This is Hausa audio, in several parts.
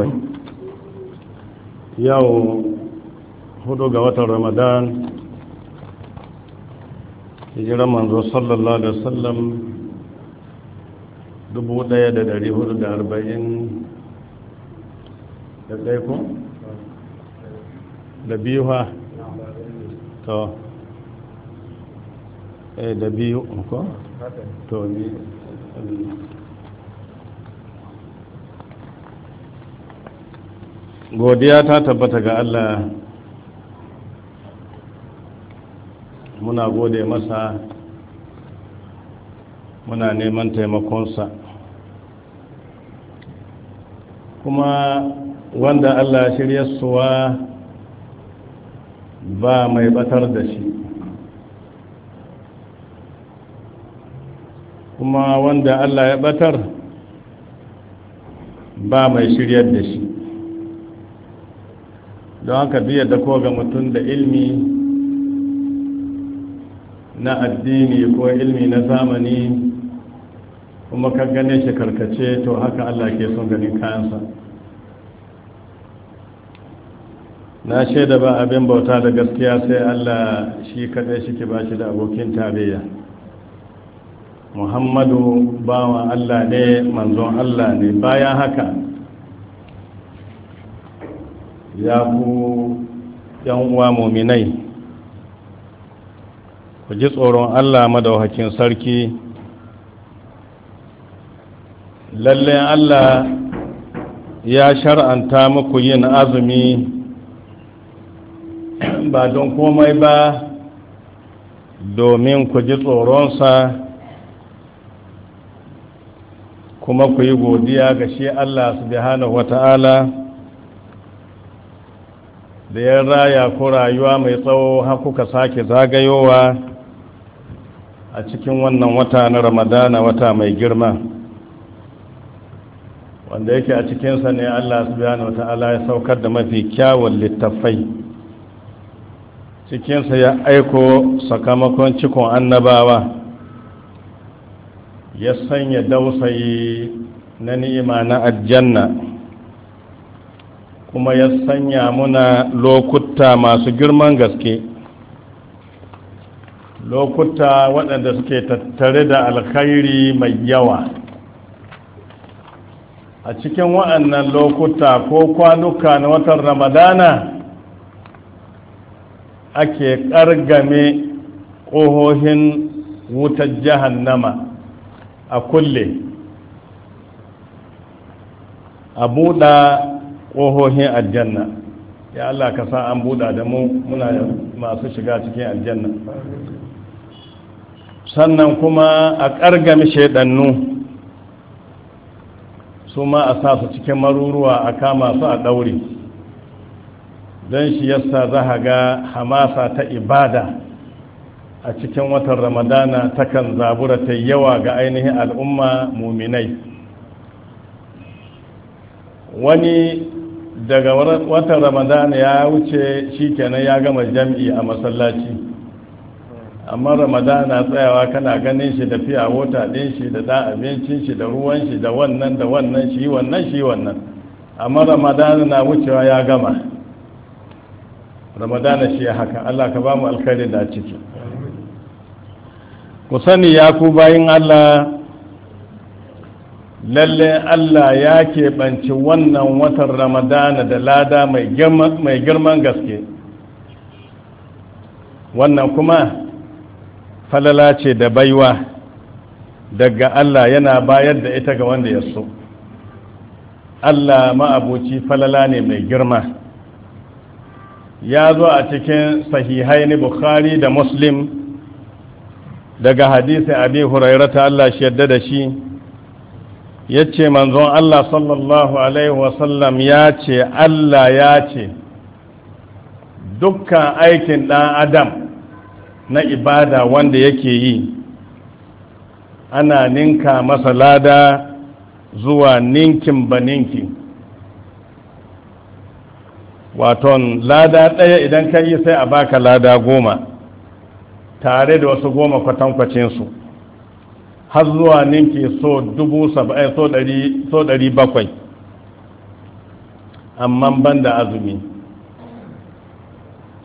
bakwai yau hudu ga watan ramadan hijiran manzo sallallahu alaihi wasallam 1440 da ɗaya ko? da biyu ha? to eh da biyu ko? to ni godiya ta tabbata ga Allah muna gode masa muna neman taimakonsa kuma wanda Allah shirya suwa ba mai batar da shi kuma wanda Allah ya batar ba mai shiryar da shi don haka biya da ko ga mutum da ilmi na addini ko ilmi na zamani kuma ka gane shi karkace to haka allah ke son ganin kayansa na shaida ba abin bauta da gaskiya sai allah shi kaɗai shi ke ba shi da abokin tarayya muhammadu bawan allah ne manzon allah ne bayan haka ya ku yan uwa muminai ku ji tsoron Allah madauhakin sarki lalle Allah ya shar'anta muku yin azumi ba don komai ba domin ku ji tsoronsa kuma ku yi godiya ga shi Allah subhanahu wata'ala da ya raya ko rayuwa mai tsawo har kuka sake zagayowa a cikin wannan wata na ramadana wata mai girma wanda yake a cikinsa ne allah subhanahu wa ta'ala ya saukar da mafi kyawun littattafai. cikinsa ya aiko sakamakon cikon annabawa ya sanya dausayi na ni'ima na aljanna kuma ya sanya muna lokuta masu girman gaske lokuta waɗanda suke tattare da alkhairi mai yawa a cikin waɗannan lokuta ko kwanuka na watan ramadana ake ƙargame ƙohohin wutar jahannama a kulle a buɗa ƙohohin aljanna ya Allah ka sa an buɗa da mu muna masu shiga cikin aljanna sannan kuma a ƙargami shaidannu su ma a sa su cikin maruruwa a kama su a ɗauri. don shi yasta za a ga hamasa ta ibada a cikin watan ramadana takan zabura ta yawa ga ainihin al'umma muminai wani daga watan ramadan ya wuce shi kenan ya gama jam'i a masallaci amma ramadan na tsayawa kana ganin shi da fiya wata ɗin shi da da abincin shi da ruwan shi da wannan da wannan shi wannan shi wannan amma ramadan na wucewa ya gama ramadana shi ya haka allah ka ba mu alkhairi da a ciki ku sani ya ku bayin allah lalle Allah ya keɓanci wannan watan ramadana da lada mai girman gaske wannan kuma falala ce da baiwa daga Allah yana bayar da ita ga wanda ya so Allah ma'aboci falala ne mai girma ya zo a cikin sahihai ne bukhari da muslim daga hadisi abi hurairata Allah shi yadda da shi ya ce manzon Allah sallallahu Alaihi wasallam ya ce Allah ya ce dukkan aikin ɗan adam na ibada wanda yake yi ana ninka masa lada zuwa ninkin ba ninkin waton lada ɗaya idan ka yi sai a baka lada goma tare da wasu goma kwatankwacinsu har zuwa ninki so dubu saba'in eh, so ɗari bakwai amma ban da azumi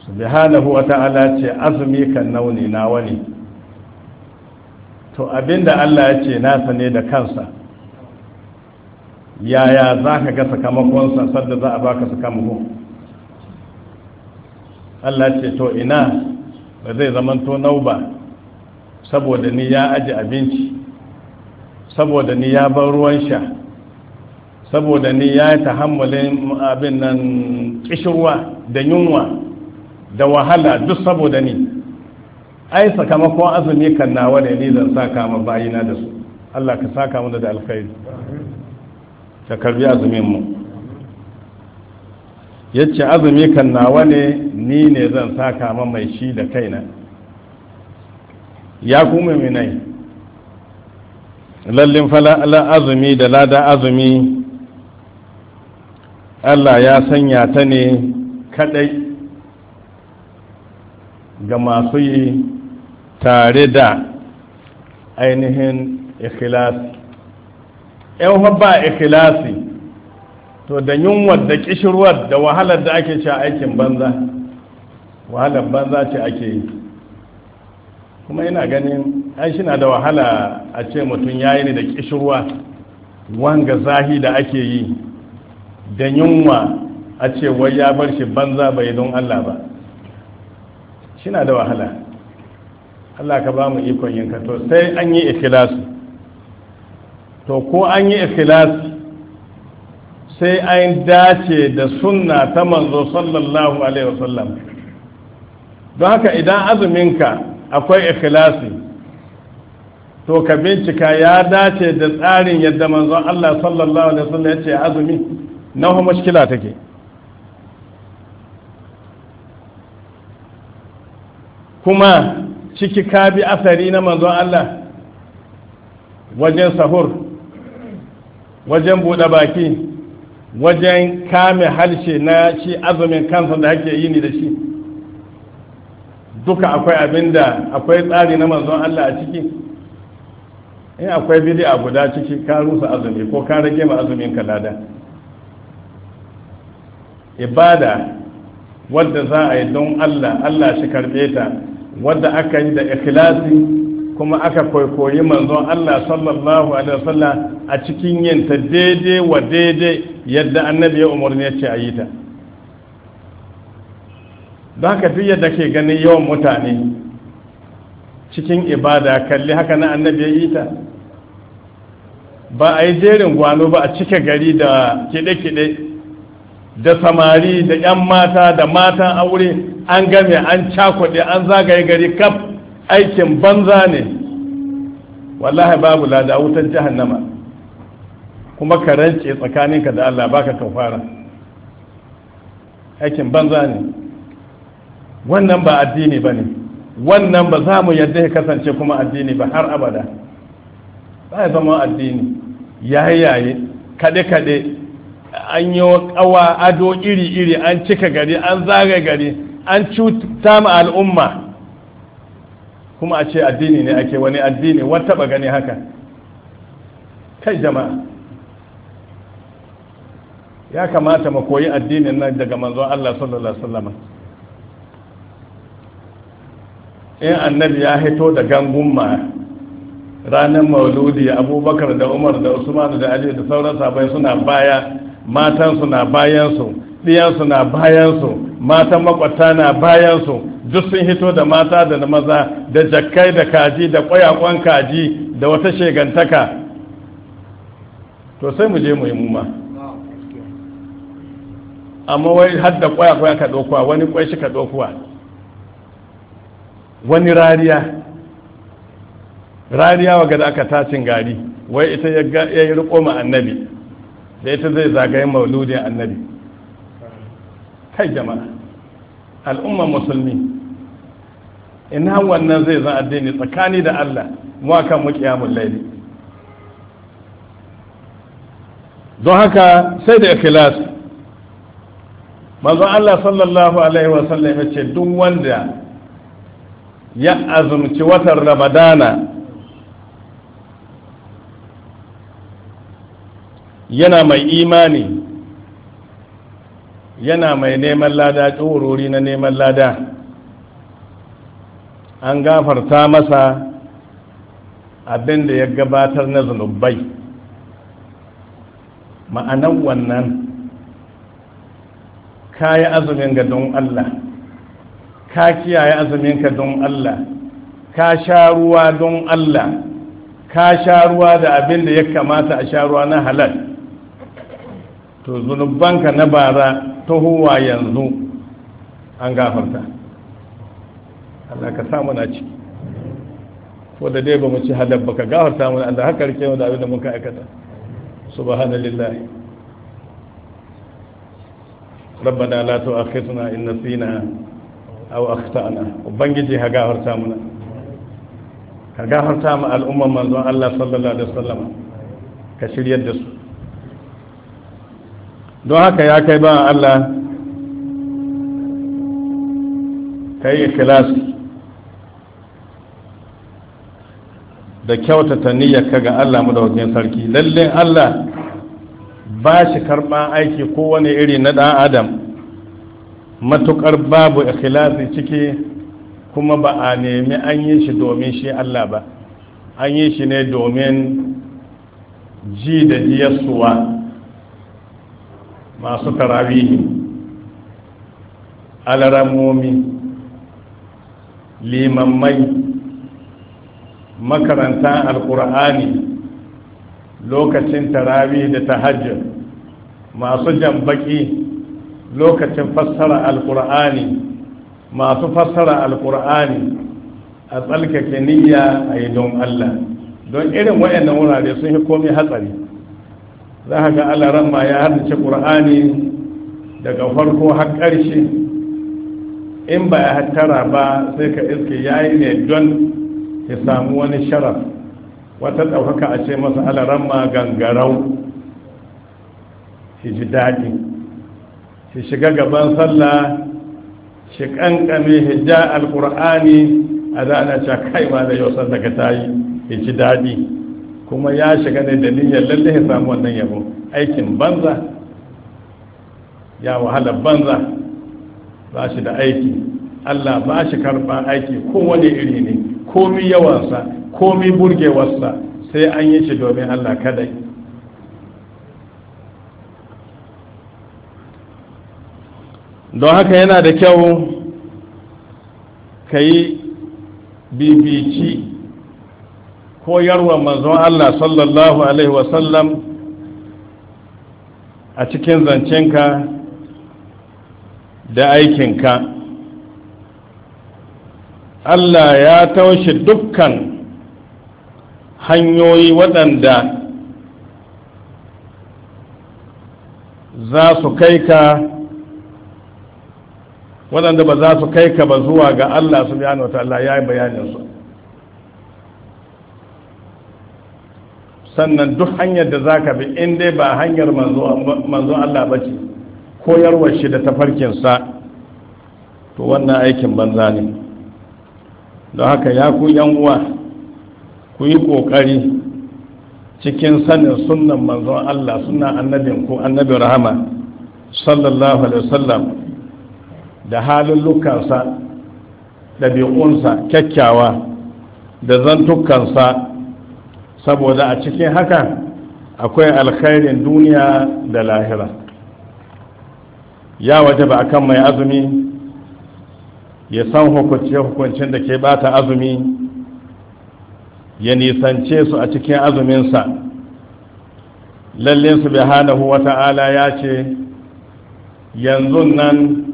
subhanahu wa ta'ala ce azumi kan nauni na wani to abinda Allah ya ce nasa ne da kansa yaya za ka ga sakamakonsa sadda za a baka sakamako Allah ce to ina ba zai zamanto nau ba saboda ni ya aji abinci saboda ni ya bar ruwan sha saboda ni ya yi tahammalin abin nan kishirwa da yunwa da wahala duk saboda ni ai sakamakon azumi kan nawa ne ni zan saka ma bayina da su Allah ka saka mu da alkhairi ka karbi azumin mu yace azumi kan nawa ne ni ne zan saka ma mai shi da kaina ya kuma minai lallin fala azumi da lada azumi Allah ya sanya ta ne kadai ga masu yi tare da ainihin ikhlasi yan ba ikhlasi to da yunwar da kishirwar da wahalar da ake ci aikin banza wahalar banza ce ake yi kuma ina ganin ai shi na da wahala a ce mutum ya yi ne da kishirwa wanga zahi da ake yi da yunwa a ce wai ya bar shi banza bai don Allah ba shi na da wahala Allah ka ba mu ikon yinka to sai an yi ikhlasu to ko an yi ikhlasu sai an dace da sunna ta manzo sallallahu alaihi wasallam don haka idan azuminka akwai ikhlasi to ka bincika ya dace da tsarin yadda manzon Allah sallallahu alaihi wasallam ya ce azumi na mushkila take kuma ciki ka bi asari na manzon Allah wajen sahur wajen buɗe baki wajen kame harshe na shi azumin kansa da ake yi ni da shi duka akwai abinda akwai tsari na manzon Allah a ciki in akwai bid'a guda ciki ka rusa azumi ko ka rage ma azumin ka lada ibada wadda za a yi don Allah Allah shi karbe ta wadda aka yi da ikhlasi kuma aka koyi manzon Allah sallallahu alaihi wasallam a cikin yin ta daidai wa daidai yadda annabi ya umarni ya ce a yi ta don haka duk yadda ke ganin yawan mutane cikin ibada kalli haka na annabi ya yi ta ba a yi jerin gwano ba a cike gari da kide-kide da samari da 'yan mata da matan aure an game an cakwade an zagaye gari kaf aikin banza ne wallahi babu lada wutan jahannama kuma ka rance tsakaninka da allah baka kafara aikin banza ne wannan ba addini ba ne wannan ba za mu yadda ya kasance kuma addini ba har abada ba ya zama addini Ya yayi kaɗe-kaɗe an yi ƙawa ado iri-iri an cika gari an zaga gari an cuta ma al'umma kuma a ce addini ne ake wani addini wata ba gani haka kai jama'a ya kamata mu koyi addinin nan daga manzon Allah sallallahu alaihi wasallam in annabi ya hito da gangun ma ranar mauludi abubakar da umar da usman da ali da sauran sabai suna baya matan suna bayansu ɗiyansu na bayansu matan makwata na bayansu duk sun hito da mata da na maza da jakkai da kaji da ƙwayakon kaji da wata shegantaka to sai mu je mu yi muma amma wai har da ƙwayaƙwaya ka ɗaukuwa wani ƙwai shi ka ɗaukuwa wani rariya rariya waga da aka tashin gari wai ita ya yi riko ma annabi da ita zai zagaye mauludin annabi kai jama'a al'ummar musulmi ina wannan zai zan addini tsakani da allah muwakan mukiyamun laili don haka sai da ikhlas manzon allah sallallahu alaihi wasallam ya ce duk wanda ya azumci watan ramadana yana mai imani yana mai neman lada tsorori na neman lada an gafarta masa abinda ya gabatar na zunubai ma'anan wannan kayi azumin ga don Allah ka kiyaye azuminka don Allah ka sha ruwa don Allah ka sha ruwa da abin da ya kamata a sha ruwa na halal to zunubanka na bara huwa yanzu an gafarta Allah ka samu na ciki ko da dai ba mu ci halal ba ka gafarta mu Allah haka rike mu da abin da muka aikata subhanallahi ربنا لا تؤاخذنا ان نسينا aw akhtana ubangiji ha gafarta mana ka gafarta mu al'umman manzon Allah sallallahu alaihi wasallam ka shiryar da su don haka ya kai ba Allah kai ikhlas da kyautata niyyarka ga Allah mu da wajen sarki lalle Allah ba shi karba aiki kowane iri na ɗan adam matuƙar babu ikhlasi ciki kuma ba a nemi an yi shi domin shi Allah ba an yi shi ne domin ji da jiyarsuwa masu tarawihi alaramomi limammai makaranta alkur'ani lokacin tarawih da tahajjud masu jambaki lokacin fassara alkur'ani masu fassara alkur'ani a tsalkake niyya a yi don allah don irin wayannan wurare sun yi komi hatsari za ka ga alaran ma ya harnace ƙur'ani daga farko har ƙarshe in ba ya hattara ba sai ka iske ya yi ne don ya samu wani sharaf wata ɗaukaka a ce masa allah ma gangarau shi ji daɗi Ka shiga gaban sallah shi kankame hijja alkur'ani a da ana cewa kai ma da yau sallah ka tayi ya ci daɗi kuma ya shiga ne da niyyar lalle ya samu wannan yabo aikin banza ya wahala banza ba shi da aiki Allah ba shi karɓa aiki ko wani iri ne komi yawansa komi burgewarsa sai an yi shi domin Allah kadai don haka yana da kyau ka yi bibici koyarwa manzon Allah sallallahu Alaihi wasallam a cikin zancenka da aikinka Allah ya taushe dukkan hanyoyi waɗanda za su kai ka waɗanda ba za su kai ka ba zuwa ga Allah subhanahu ya yi bayanin su sannan duk hanyar da za ka bi in dai ba hanyar manzo Allah ba ce koyarwar shi da tafarkin sa to wannan aikin banza ne don haka ya ku yan uwa ku yi kokari cikin sanin sunan manzon Allah sunan annabin ku annabin rahama sallallahu alaihi wasallam da halin lukansa ɗabi'unsa kyakkyawa da zantukansa saboda a cikin haka akwai alkhairin duniya da lahira ya waje ba akan mai azumi ya san hukunce-hukuncin da ke bata azumi ya nisance su a cikin azuminsa Lallinsu su bai hana wata'ala ya ce yanzu nan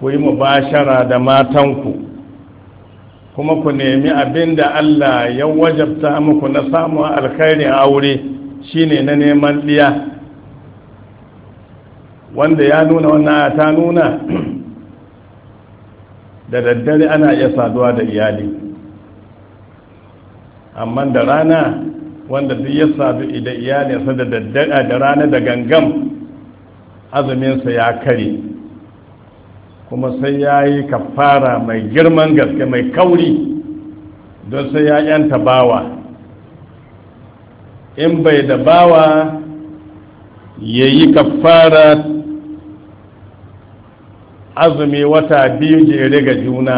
ku yi mubashara da matanku kuma ku nemi abin da Allah ya wajabta muku na samun alkhairin aure shine na neman ɗiya wanda ya nuna wannan ta nuna da daddare ana iya saduwa da iyali amma da rana wanda duk ya sadu da iyalinsa da daddare da rana da gangam azuminsa ya kare kuma sai ya yi kafara mai girman gaske mai kauri don sai ya yanta bawa in bai da bawa ya yi kafara azumi wata biyu jere ga juna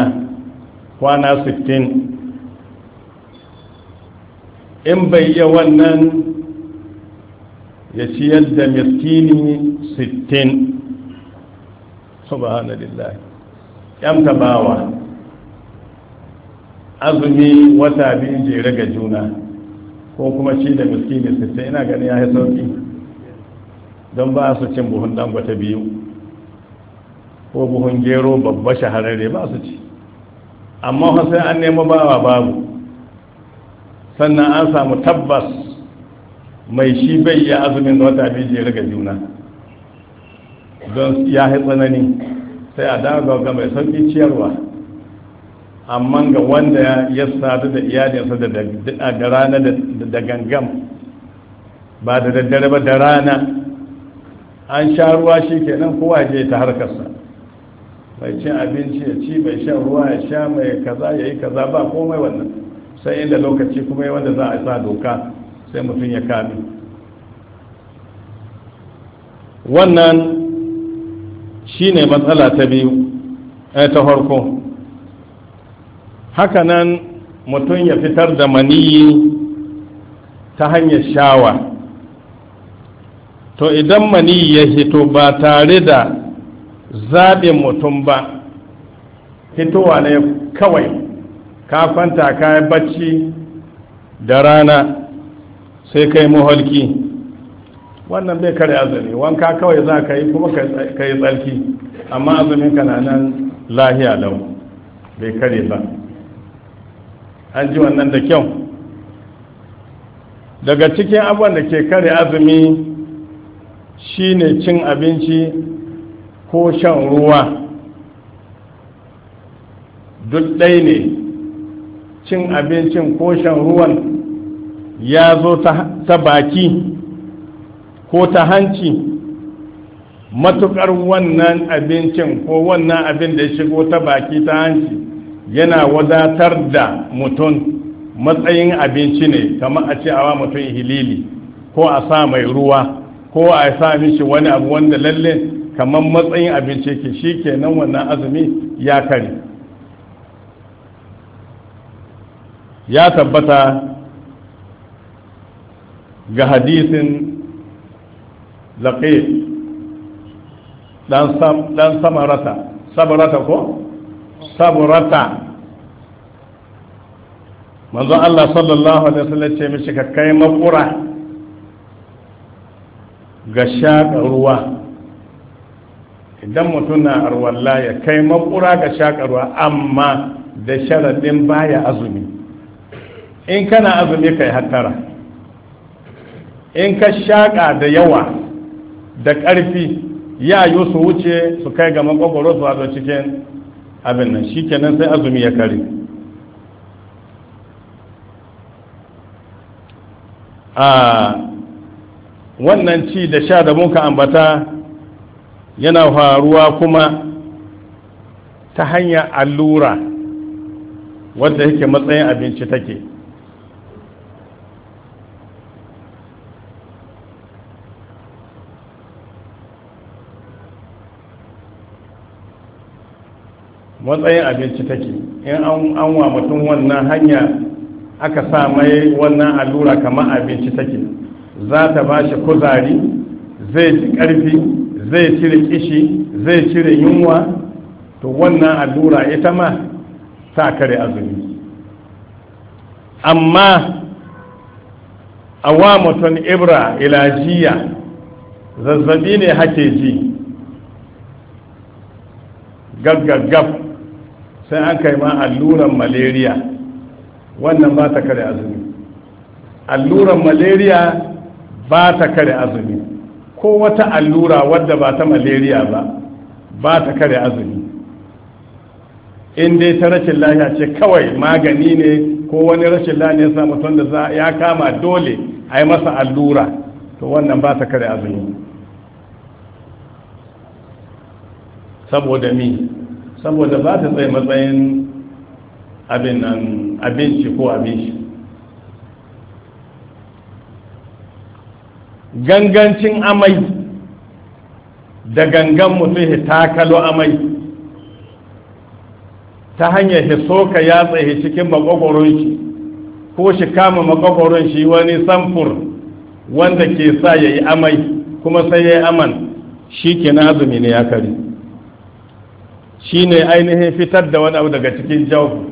kwana 16 in bai yi wannan ya ciyar da miskini sittin. subhanallah bawa azumi wata biyu jere ga juna ko kuma shi da miskini sittin ina ganin ya yi sauki don ba su cin buhun dangwata biyu ko buhun gero babba shahararre ba su ci amma sai an nemi bawa babu sannan an samu tabbas mai shi bai yi azumin wata biyu jere ga juna don ya yi tsanani sai a dawo ga mai sauƙi ciyarwa amma ga wanda ya sadu da iyalinsa da rana da gangam ba da daddare ba da rana an sha ruwa shi kenan kowa je ta harkarsa mai cin abinci ya ci mai shan ruwa ya sha mai kaza ya yi kaza ba komai wannan sai inda lokaci kuma wanda za a sa doka sai mutum ya kame wannan Shi ne matsala ta biyu eh, ta farko hakanan mutum ya fitar da maniyi ta hanyar shawa to idan maniyi ya hito ba tare da zaɓin mutum ba hitowa ne kawai kafanta kayan ka bacci da rana sai kai muhalki wannan bai kare azumi wanka kawai za ka yi kuma ka yi tsarki amma azumin ka na nan lahiya lau bai kare ba an ji wannan da kyau daga cikin abubuwan da ke kare azumi shine cin abinci ko shan ruwa duk ɗai ne cin abincin ko shan ruwan ya zo ta baki ko ta hanci matukar wannan abincin ko wannan abin da ya shigo ta baki ta hanci yana wadatar da mutum matsayin abinci ne kamar a ce awa mutum hilili ko a sa mai ruwa ko a sa mishi wani abu wanda lalle kamar matsayin abinci ke shi kenan wannan azumi ya kare ya tabbata ga hadisin laqit dan sam dan samarata sabarata ko sabarata manzo Allah sallallahu alaihi wasallam ce mishi ka kai makura ga shaƙa ruwa idan mutum na arwalla ya kai makura ga shaƙa ruwa amma da sharaɗin baya azumi in kana azumi kai hattara in ka shaƙa da yawa da ƙarfi ya yi su wuce su kai ga makwakwaro su a cikin abin nan shi kenan sai azumi ya kare a wannan ci da sha da muka ambata yana faruwa kuma ta hanyar allura wadda yake matsayin abinci take matsayin abinci take in an wa mutum wannan hanya aka sa mai wannan allura kamar abinci take za ta ba shi kuzari zai ci ƙarfi zai cire kishi zai cire yunwa to wannan allura ita ma ta kare azumi amma a wa mutum ibra ilajiya zazzabi ne hake ji gaggagab sai an kai ma alluran malaria wannan ba ta kare azumi alluran malaria ba ta kare azumi ko wata allura wadda ba ta malaria ba ba ta kare azumi in dai ta rashin lafiya ce kawai magani ne ko wani rashin lafiya ya samu tun da ya kama dole a yi masa allura to wannan ba ta kare azumi saboda mi saboda ba ta tsaye matsayin abin nan abinci ko abinci gangancin amai da gangan mutum takalo amai ta hanyar hisoka ya tsaye cikin makogwaron shi ko shi kama makogwaron shi wani samfur wanda ke sa ya yi amai kuma sai ya yi aman shi ke na azumi ne ya kari Shi ne ainihin fitar da wani abu daga cikin jau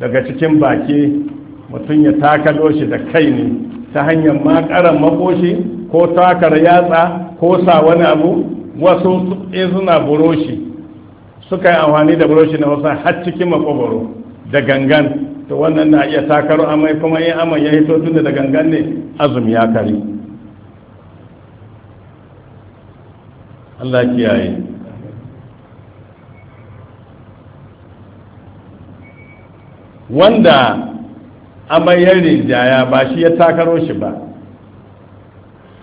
daga cikin baki mutum ya taka shi da kai ne ta hanyar makaran makoshi ko takar yatsa ko sa wani abu wasu in suna buroshi suka yi amfani da buroshi na wasu har cikin makogoro da gangan to wannan na iya takaro amai kuma in amai ya hito tun da gangan ne azum ya kare Allah kiyaye wanda amaryar rinjaya ba shi ya takaro shi ba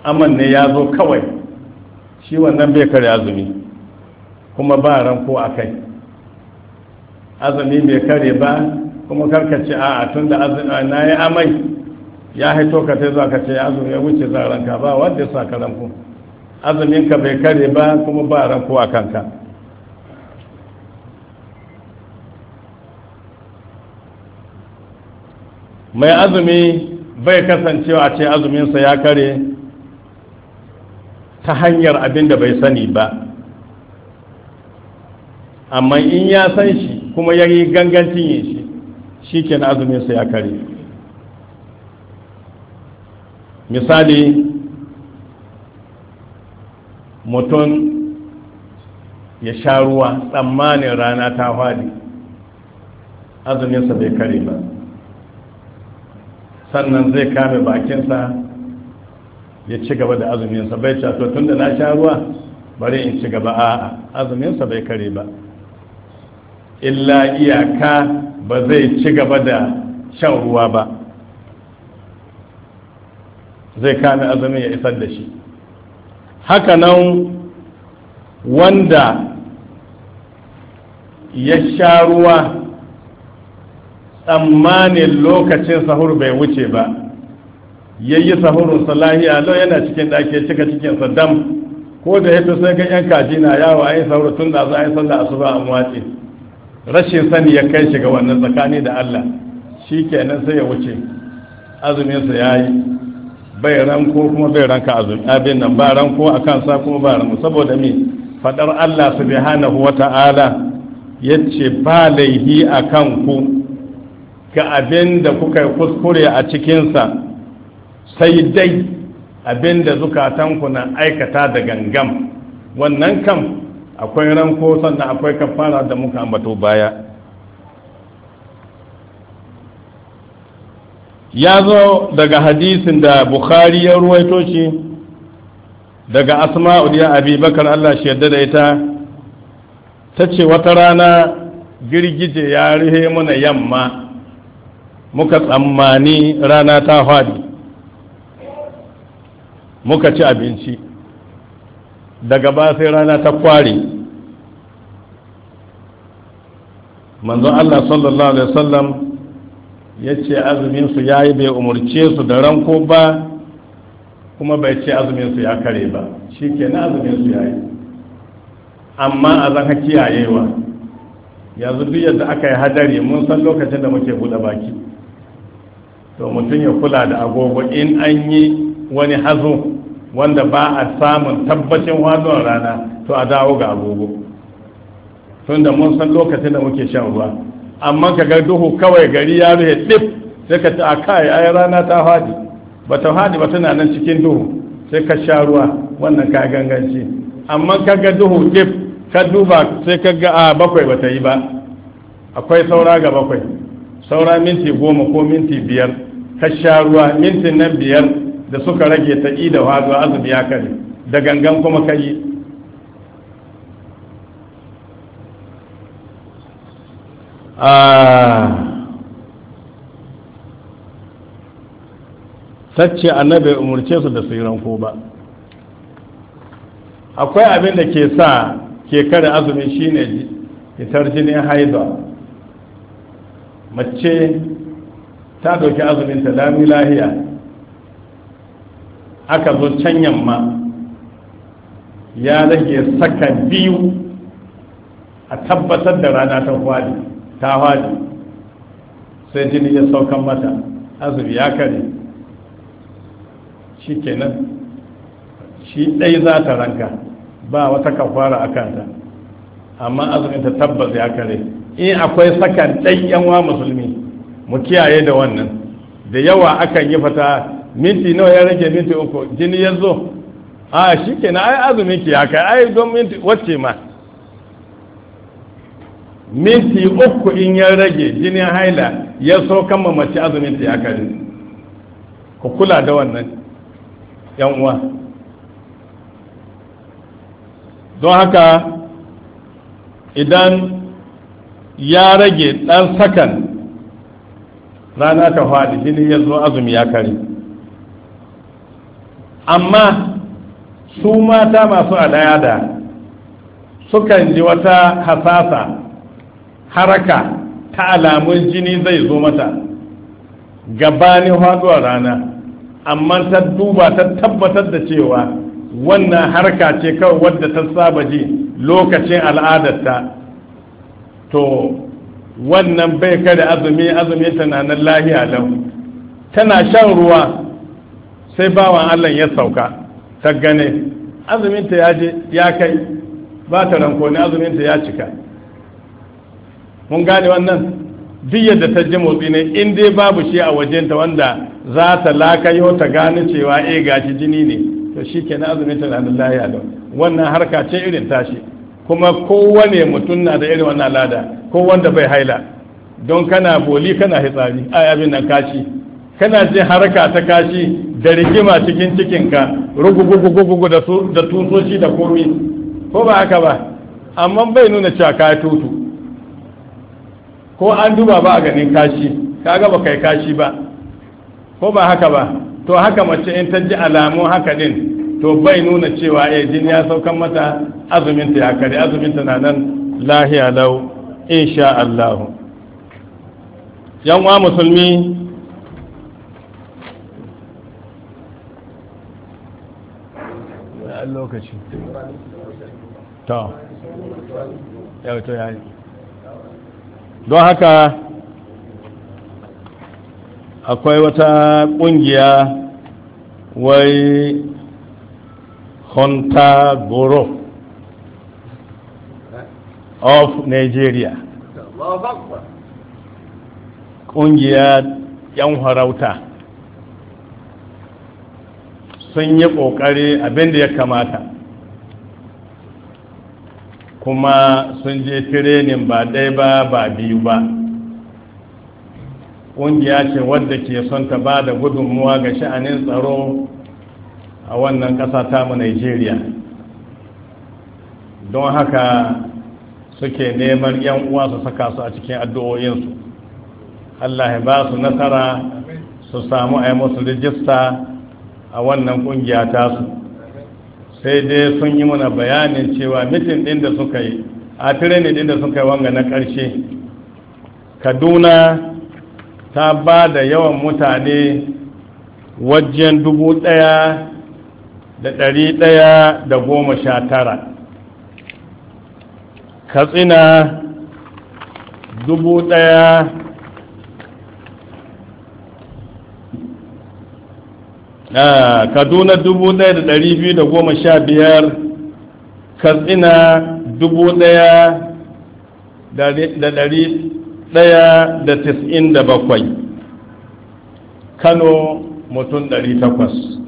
aman ne ya zo kawai shi wannan bai kare azumi kuma ba ranko a kai azumi bai kare ba kuma karkace a tun da na yi amai ya haito ka ta zuwa ka ce azumi ya wuce za ranka ba wanda ya sa ka ranko azuminka bai kare ba kuma ba ranko a kanka mai azumi bai kasancewa a ce azuminsa ya kare ta hanyar abin da bai sani ba amma in ya san shi kuma ya yi gangancin yin shi shi ke azuminsa ya kare misali mutum ya sha ruwa tsammanin rana ta hwadi azuminsa bai kare ba sannan zai kame bakinsa ya ci gaba da azuminsa bai cato tun da na sha ruwa bari in ci gaba a azuminsa bai kare ba illa iyaka ba zai ci gaba da shan ruwa ba zai kame azumin ya isar da shi Haka nan wanda ya sha ruwa tsammanin lokacin sahur bai wuce ba ya sahurun salahi a lau yana cikin ɗaki cika cikin saddam ko da ya sai ga yan kaji na yawo a yi sahur tun da za a yi sallah asuba an wace rashin sani ya kai shiga wannan tsakani da Allah shi kenan sai ya wuce azuminsa ya yi bai ranko kuma bai ranka azumi abin nan ba ranko a kansa kuma ba ranko saboda me fadar Allah subhanahu wata'ala yace ba laihi akan ku ga abin da kuka kuskure a cikinsa sai dai abin da zukatanku na aikata da gangam wannan kam akwai ranko sannan akwai kafara da muka ambato baya ya zo daga hadisin da bukhari ya ruwaito shi daga asma'u ya abubakar allah shi yadda da ita ta ce wata rana girgije ya rihe mana yamma muka tsammani rana ta fadi muka ci abinci daga ba sai rana ta kware manzon Allah sallallahu alaihi wasallam ya ce azuminsu ya yi bai umarce su da ranko ba kuma bai ce azuminsu ya kare ba shi ke na azuminsu ya yi amma a zan kiyayewa yanzu duk yadda aka yi hadari mun san lokacin da muke buɗe baki to mutum ya kula da agogo in an yi wani hazo wanda ba a samun tabbacin wazon rana to a dawo ga agogo tun da mun san lokacin da muke shan ruwa amma ka ga duhu kawai gari ya rufe dip sai ka ta kai ai rana ta hadi ba ta hadi ba tana nan cikin duhu sai ka sha ruwa wannan ka ganganci amma ka ga duhu dip ka duba sai ka ga a bakwai ba ta yi ba akwai saura ga bakwai saura minti goma ko minti biyar ka sha ruwa mintin nan biyar da suka rage ta ƙi da wazo azumi ya kare da gangan kuma ka yi sacce ah. annabi umarce su da su yi ranko ba akwai abin da ke sa ke kare azumi shine fitar jinin haiba mace ta ɗauki azumin ta lami lahiya aka zo can yamma ya rage saka biyu a tabbatar da rana ta hwali ta hwali sai jini ya saukan mata azumi ya kare shi kenan shi ɗai za ta ranka ba wata kafara a kanta amma azumin ta tabbas ya kare in akwai saka ɗanyen yanwa musulmi mu kiyaye da wannan da yawa akan yi fata minti nawa ya rage minti uku jini ya zo a shi ke na ai azumin ki ya kai ai don minti wacce ma minti uku in ya rage jinin haila ya so kama mace azumin ta ya kai ku kula da wannan yan uwa don haka idan ya rage ɗan sakan rana ta faɗi jini ya zo azumi ya kare amma su mata masu alaya da sukan ji wata hasasa haraka ta alamun jini zai zo mata gabanin faduwar rana amma ta duba ta tabbatar da cewa wannan harka ce kawai wadda ta saba ji lokacin al'adarta to wannan bai kada azumi azumi tana nan lahiya lau tana shan ruwa sai bawan allah ya sauka ta gane azuminta ya je ya kai ba ta ranko ne azuminta ya cika mun gane wannan duk yadda ta ji motsi ne in dai babu shi a wajenta wanda za ta lakayo ta gane cewa eh gashi jini ne to shi kenan azuminta na nan lahiya lau wannan harka ce irin tashi kuma kowane mutum na da irin wannan lada ko wanda bai haila don kana boli kana hitsari a abin nan kashi kana jin haraka ta kashi da rigima cikin cikinka rugugugugugu da tutsoci da komi ko ba haka ba amma bai nuna cewa ka tutu ko an duba ba a ganin kashi ka ga ba kai kashi ba ko ba haka ba to haka mace in ta ji alamun haka din to bai nuna cewa eh jin ya saukan mata azuminta ya kare azuminta na nan lahiya lau insha Allah yanwa musulmi lokaci to yau ya yi don haka akwai wata kungiya wai Kontagoro of Nigeria ƙungiya yan harauta sun yi ƙoƙari abinda ya kamata kuma sun je tirenin ba ɗaya ba ba biyu ba ƙungiya ce wadda ke son ta ba da gudunmuwa ga sha'anin tsaro a wannan ƙasa tamu nigeria don haka suke neman yan uwa su saka su a cikin addu'o'insu allah ya ba su nasara su samu a yi musu rijista a wannan ƙungiya tasu sai dai sun yi mana bayanin cewa mitin ɗin da suka yi a ne ɗin da suka yi wanga na ƙarshe kaduna ta ba da yawan mutane wajen dubu ɗaya da ɗari ɗaya da goma sha tara katsina dubu ɗaya na kaduna dubu ɗaya da ɗari biyu da goma sha biyar katsina dubu ɗaya da ɗari ɗaya da tis'in da bakwai kano mutum ɗari takwas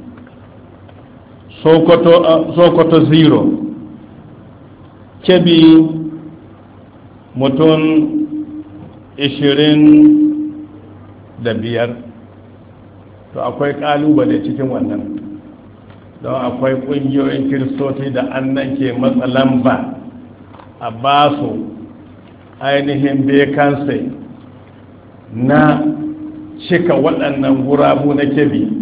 sokoto zero kebi mutum ishirin da biyar to akwai kalubale cikin wannan don akwai kungiyoyin kiristoci da annan ke matsalan ba a ba su ainihin bekansa na cika waɗannan gurabu na kebi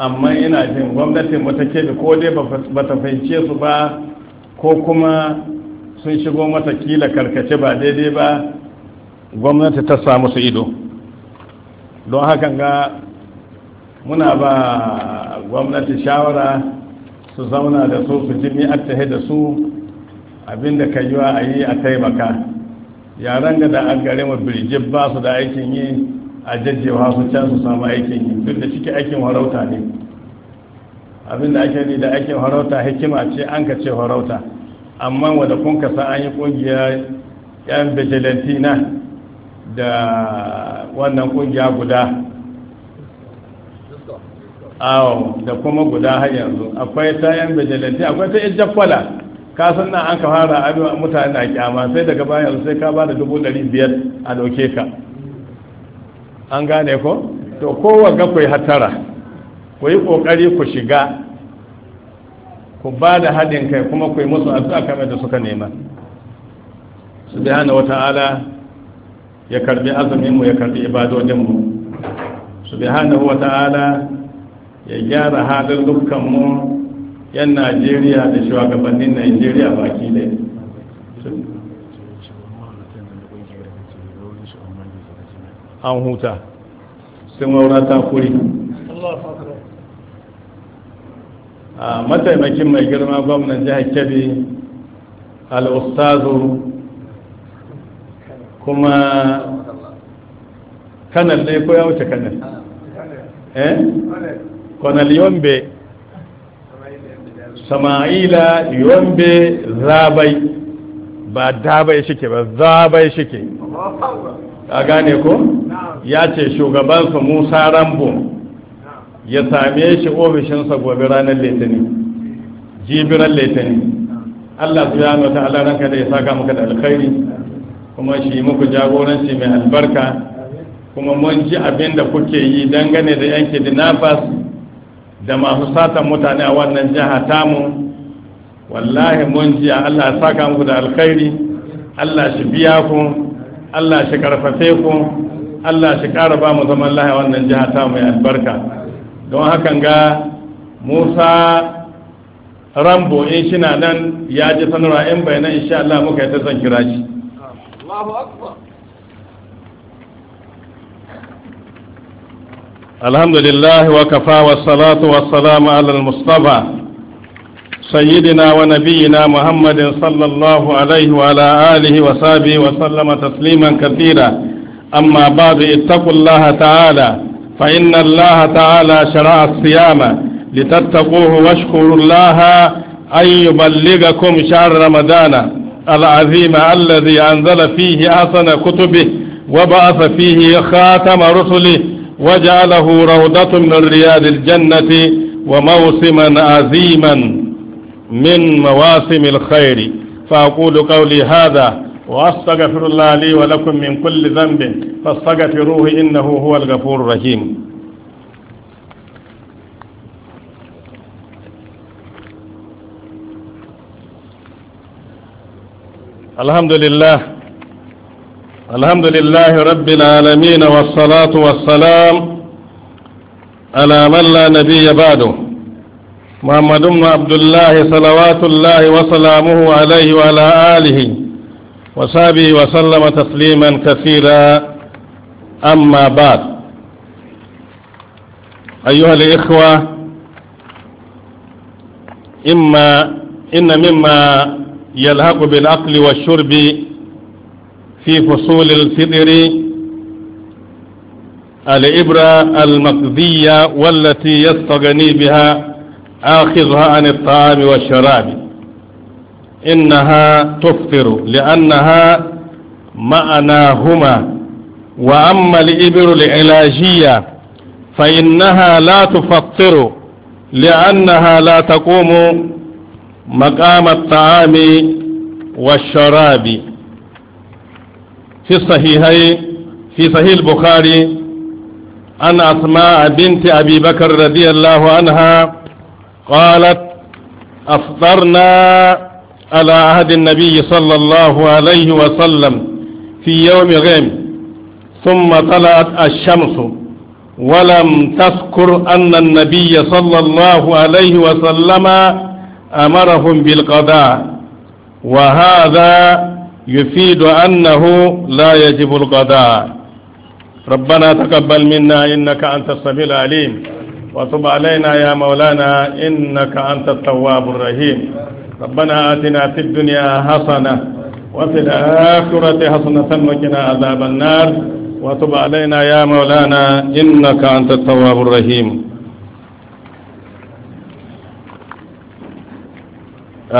amma ina jin gwamnatin mata kebe ko dai ba ta fahimce su ba ko kuma sun shigo mata kila karkace ba daidai ba gwamnati ta samu su ido don hakan ga muna ba gwamnati shawara su zauna da su su jimi ta da su abinda ka yi wa a yi a taimaka yaran da da an gare mu birjib ba su da aikin yi a jajjewa su can su samu aikin yi duk da cike aikin harauta ne abinda ake ne da aikin harauta hikima ce an ka ce harauta amma wadda kun sa an yi kungiya yan na, da wannan kungiya guda awo da kuma guda har yanzu akwai ta yan vigilantina akwai ta yan jaffala ka san na an ka fara abin mutane na kyama sai daga bayan sai ka ba da dubu ɗari biyar a ɗauke ka an gane ko to kowa ga kai hatara ku yi kokari ku shiga ku ba da haɗin kai kuma ku yi musu addu'a mai da suka nema subhanahu wata'ala ya karbi azumin mu ya karbi su mu subhanahu wata'ala ya gyara halin dukkan mu yan Najeriya da shugabannin Najeriya baki ɗaya an huta sun waura ta kuri a mataimakin mai girma gwamnan jihar kebbi al'ustazu kuma kanal ne ko ya wuce kanal eh kanal yombe sama'ila yombe zabai ba dabai shike ba zabai shike a gane ko ya ce shugabansa musa rambo ya same shi ofishinsa gobe ranar litinin jibiran litinin allah su nuta allah ranka da ya saka muka da alkhairi kuma shi muku jagoranci mai albarka kuma mun ji abin da kuke yi dangane da yanke dinafas da masu satan mutane a wannan jiha tamu wallahi mun ji allah ya saka muku da alkhairi allah shi biya ku allah shi karfafe ku Allah shi ƙara ba mu zaman lahi wannan jiha ta mai albarka don hakan ga Musa Rambo in shi na nan ya ji sanarwa in bai nan insha Allah muka yi ta son kira shi الحمد لله وكفى والصلاة والسلام على المصطفى Muhammadin sallallahu alaihi wa الله عليه وعلى آله وصحبه وسلم تسليما كثيرا أما بعد اتقوا الله تعالى فإن الله تعالى شرع الصيام لتتقوه واشكروا الله أن يبلغكم شهر رمضان العظيم الذي أنزل فيه أحسن كتبه وبعث فيه خاتم رسله وجعله روضة من رياض الجنة وموسما عظيما من مواسم الخير فأقول قولي هذا وأستغفر الله لي ولكم من كل ذنب فاستغفروه إنه هو الغفور الرحيم الحمد لله الحمد لله رب العالمين والصلاة والسلام على من لا نبي بعده محمد بن عبد الله صلوات الله وسلامه عليه وعلى آله وصحبه وسلم تسليما كثيرا أما بعد أيها الإخوة إما إن مما يلحق بالأكل والشرب في فصول الفطر الإبرة المقضية والتي يستغني بها آخذها عن الطعام والشراب إنها تفطر لأنها معناهما وأما الإبر العلاجية فإنها لا تفطر لأنها لا تقوم مقام الطعام والشراب في الصحيحين في صحيح البخاري عن أسماء بنت أبي بكر رضي الله عنها قالت أفطرنا على عهد النبي صلى الله عليه وسلم في يوم غيم ثم طلعت الشمس ولم تذكر أن النبي صلى الله عليه وسلم أمرهم بالقضاء وهذا يفيد أنه لا يجب القضاء ربنا تقبل منا إنك أنت السميع العليم وتب علينا يا مولانا إنك أنت التواب الرحيم ربنا آتنا في الدنيا حسنة وفي الآخرة حسنة وقنا عذاب النار وتب علينا يا مولانا إنك أنت التواب الرحيم